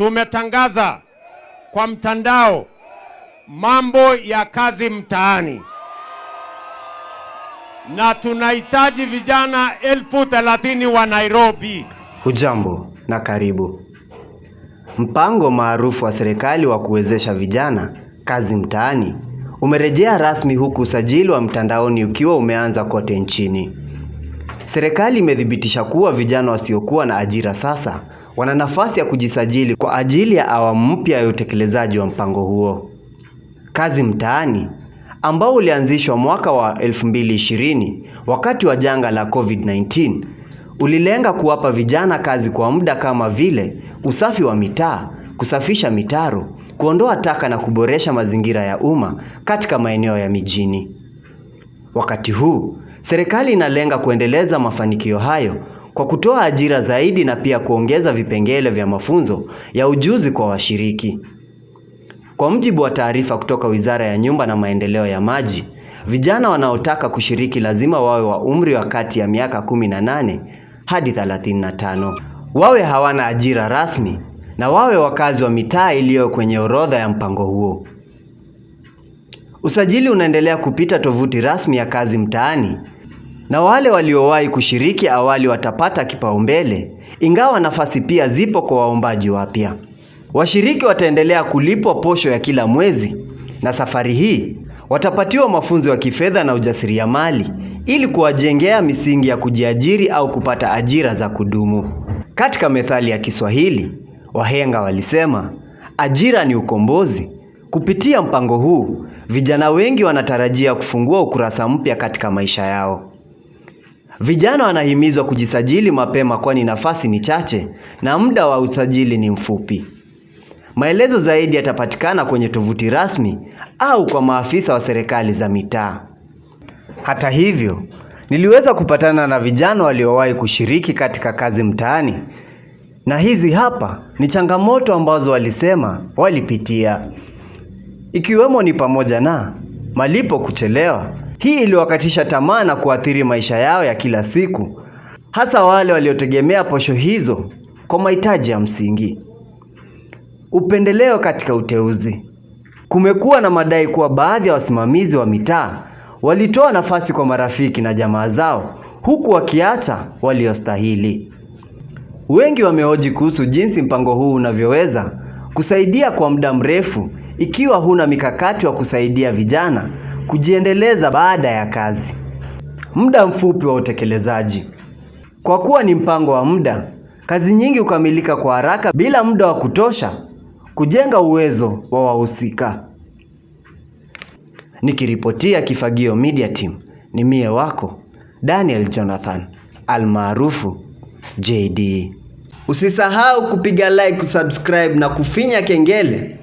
Tumetangaza kwa mtandao mambo ya kazi mtaani, na tunahitaji vijana elfu thelathini wa Nairobi. Hujambo na karibu. Mpango maarufu wa serikali wa kuwezesha vijana kazi mtaani umerejea rasmi huku usajili wa mtandaoni ukiwa umeanza kote nchini. Serikali imethibitisha kuwa vijana wasiokuwa na ajira sasa wana nafasi ya kujisajili kwa ajili ya awamu mpya ya utekelezaji wa mpango huo. Kazi Mtaani ambao ulianzishwa mwaka wa 2020 wakati wa janga la COVID-19 ulilenga kuwapa vijana kazi kwa muda kama vile usafi wa mitaa, kusafisha mitaro, kuondoa taka na kuboresha mazingira ya umma katika maeneo ya mijini. Wakati huu serikali inalenga kuendeleza mafanikio hayo kwa kutoa ajira zaidi na pia kuongeza vipengele vya mafunzo ya ujuzi kwa washiriki. Kwa mujibu wa taarifa kutoka Wizara ya Nyumba na Maendeleo ya Maji, vijana wanaotaka kushiriki lazima wawe wa umri wa kati ya miaka 18 hadi 35, wawe hawana ajira rasmi na wawe wakazi wa mitaa iliyo kwenye orodha ya mpango huo. Usajili unaendelea kupita tovuti rasmi ya Kazi Mtaani na wale waliowahi kushiriki awali watapata kipaumbele, ingawa nafasi pia zipo kwa waombaji wapya. Washiriki wataendelea kulipwa posho ya kila mwezi, na safari hii watapatiwa mafunzo ya kifedha na ujasiriamali ili kuwajengea misingi ya kujiajiri au kupata ajira za kudumu. Katika methali ya Kiswahili, wahenga walisema, ajira ni ukombozi. Kupitia mpango huu, vijana wengi wanatarajia kufungua ukurasa mpya katika maisha yao. Vijana wanahimizwa kujisajili mapema kwani nafasi ni chache na muda wa usajili ni mfupi. Maelezo zaidi yatapatikana kwenye tovuti rasmi au kwa maafisa wa serikali za mitaa. Hata hivyo, niliweza kupatana na vijana waliowahi kushiriki katika kazi mtaani. Na hizi hapa ni changamoto ambazo walisema walipitia. Ikiwemo ni pamoja na malipo kuchelewa, hii iliwakatisha tamaa na kuathiri maisha yao ya kila siku, hasa wale waliotegemea posho hizo kwa mahitaji ya msingi. Upendeleo katika uteuzi. Kumekuwa na madai kuwa baadhi ya wasimamizi wa mitaa walitoa nafasi kwa marafiki na jamaa zao huku wakiacha waliostahili. Wengi wamehoji kuhusu jinsi mpango huu unavyoweza kusaidia kwa muda mrefu ikiwa huna mikakati wa kusaidia vijana kujiendeleza baada ya kazi. Muda mfupi wa utekelezaji. Kwa kuwa ni mpango wa muda, kazi nyingi hukamilika kwa haraka bila muda wa kutosha kujenga uwezo wa wahusika. Nikiripotia Kifagio Media Team, ni mie wako Daniel Jonathan almaarufu JD. Usisahau kupiga like, kusubscribe na kufinya kengele